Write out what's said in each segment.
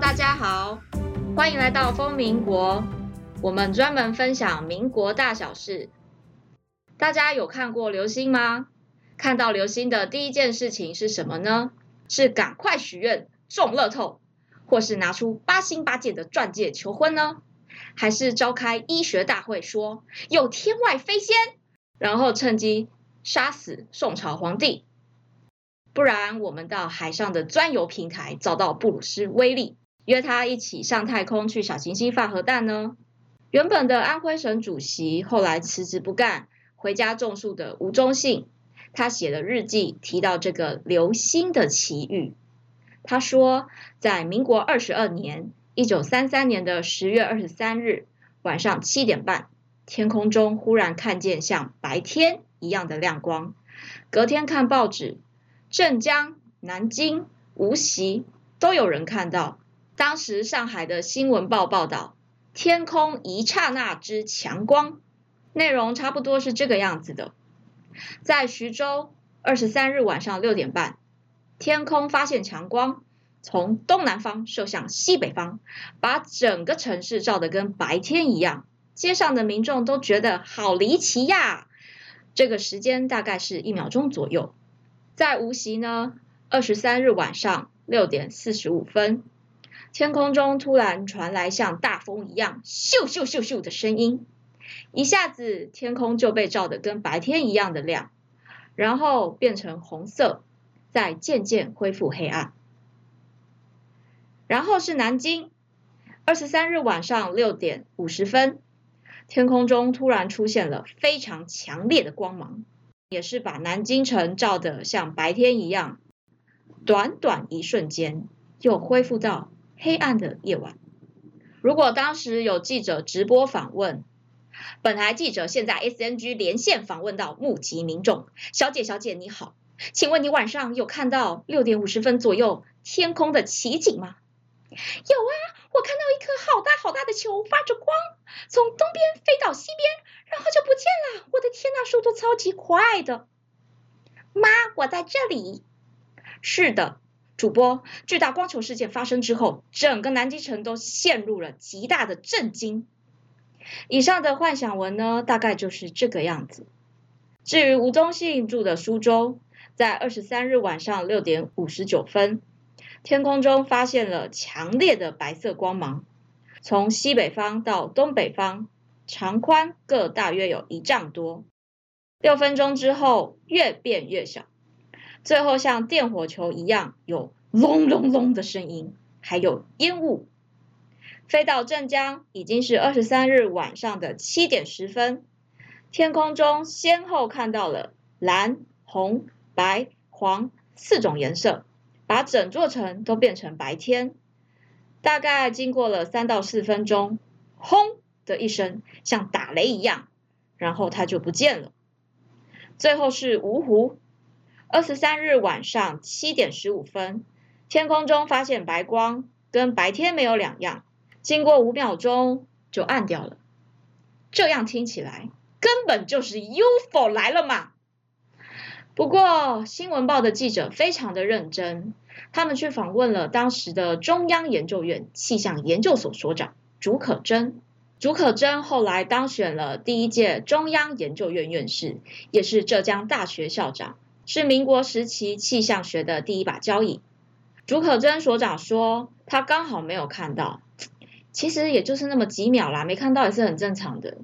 大家好，歡迎來到瘋民國。我們專門分享民國大小事。大家有看過流星嗎？看到流星的第一件事情是什麼呢？是趕快許願中樂透，或是拿出八心八箭的鑽戒求婚呢？還是召開醫學大會說有天外飛仙，然後趁機殺死宋朝皇帝？不然我們到海上的鑽油平台找到布魯斯威利。約他一起上太空去小行星放核彈呢？原本的安徽省主席後來辭職不幹，回家種樹的吳忠信，他寫了日記提到這個流星的奇遇。他說，在民國二十二年（一九三三年）的十月二十三日晚上七點半，天空中忽然看見像白天一樣的亮光。隔天看報紙，鎮江、南京、無錫都有人看到。當時上海的《新聞報》報道：“天空一剎那之強光”，內容差不多是這個樣子的。在徐州，二十三日晚上六點半，天空發現強光，從東南方射向西北方，把整個城市照得跟白天一樣。街上的民眾都覺得好離奇呀！這個時間大概是一秒鐘左右。在無錫呢，二十三日晚上六點四十五分。天空中突然傳來像大風一樣咻咻咻咻的聲音，一下子天空就被照得跟白天一樣的亮，然後變成紅色，再漸漸恢復黑暗。然後是南京，二十三日晚上六點五十分，天空中突然出現了非常強烈的光芒，也是把南京城照得像白天一樣，短短一瞬間又恢復到。黑暗的夜晚，如果當時有記者直播訪問，本台記者現在 SNG 連線訪問到目擊民眾。小姐，小姐你好，請問你晚上有看到六點五十分左右天空的奇景嗎？有啊，我看到一顆好大好大的球發着光，從東邊飛到西邊，然後就不見了。我的天吶，速度超級快的。媽，我在這裡。是的。主播，巨大光球事件發生之後，整個南京城都陷入了極大的震驚。以上的幻想文呢，大概就是這個樣子。至於吳忠信住的蘇州，在二十三日晚上六點五十九分，天空中發現了強烈的白色光芒，從西北方到東北方，長寬各大約有一丈多。六分鐘之後，越變越小。最後像電火球一樣，有隆隆隆的聲音，還有煙霧，飛到鎮江已經是二十三日晚上的七點十分。天空中先後看到了藍、紅、白、黃四種顏色，把整座城都變成白天。大概經過了三到四分鐘，轟的一聲，像打雷一樣，然後它就不見了。最後是蕪湖。二十三日晚上七點十五分，天空中發現白光，跟白天沒有兩樣。經過五秒鐘就暗掉了。這樣聽起來根本就是 UFO 來了嘛！不過新聞報的記者非常的認真，他們去訪問了當時的中央研究院氣象研究所所長竺可楨。竺可楨後來當選了第一屆中央研究院院士，也是浙江大學校長。是民國時期氣象學的第一把交椅，竺可桢所長說：“他剛好沒有看到，其實也就是那麼幾秒啦，沒看到也是很正常的。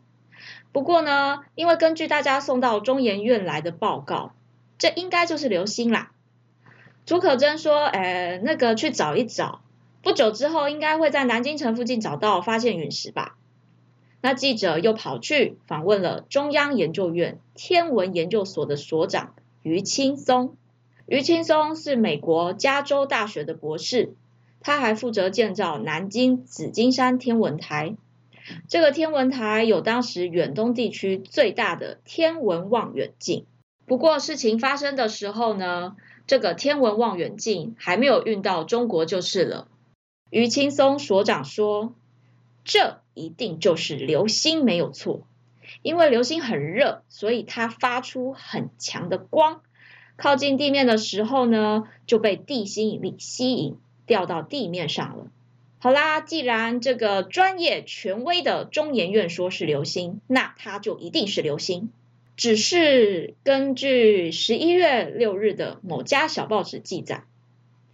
不過呢，因為根據大家送到中研院來的報告，這應該就是流星啦。”竺可桢說：“呃、哎，那個去找一找，不久之後應該會在南京城附近找到，發現隕石吧？”那記者又跑去訪問了中央研究院天文研究所的所長。余青松，余青松是美國加州大學的博士，他還負責建造南京紫金山天文台。這個天文台有當時遠東地區最大的天文望遠鏡。不過事情發生的時候呢，這個天文望遠鏡還沒有運到中國就是了。余青松所長說：“這一定就是流星，沒有錯。”因為流星很熱，所以它發出很強的光。靠近地面的時候呢，就被地心引力吸引，掉到地面上了。好啦，既然這個專業權威的中研院說是流星，那它就一定是流星。只是根據十一月六日的某家小報紙記載，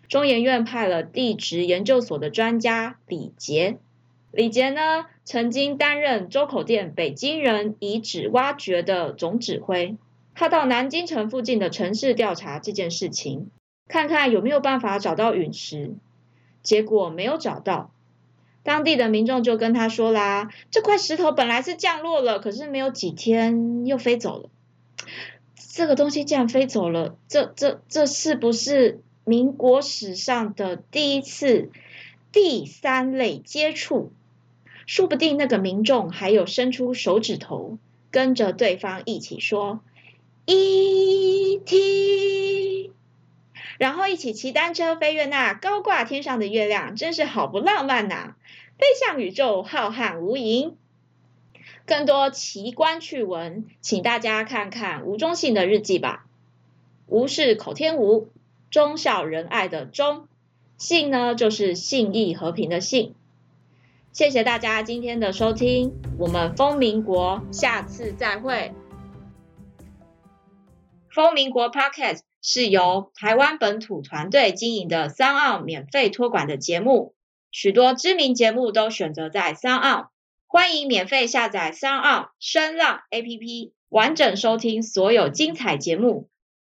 中研院派了地質研究所的專家李捷。李捷呢，曾經擔任周口店北京人遺址挖掘的總指揮，他到南京城附近的城市調查這件事情，看看有沒有辦法找到隕石。結果沒有找到，當地的民眾就跟他說啦：“這塊石頭本來是降落了，可是沒有幾天又飛走了。這個東西竟然飛走了，這這這是不是民國史上的第一次第三類接觸？”說不定那個民眾還有伸出手指頭，跟着對方一起說 “E.T.”，然後一起騎單車飛越那高掛天上的月亮，真是好不浪漫吶、啊！飛向宇宙浩瀚無垠，更多奇觀趣聞，請大家看看吳忠信的日記吧。吳是口天吳，忠孝仁愛的忠，信呢就是信義和平的信。謝謝大家今天的收聽，我們風民國下次再會。風民國 Podcast 是由台灣本土團隊經營的 SoundOn 免費託管的節目，許多知名節目都選擇在 SoundOn。歡迎免費下載 SoundOn 聲浪 APP，完整收聽所有精彩節目。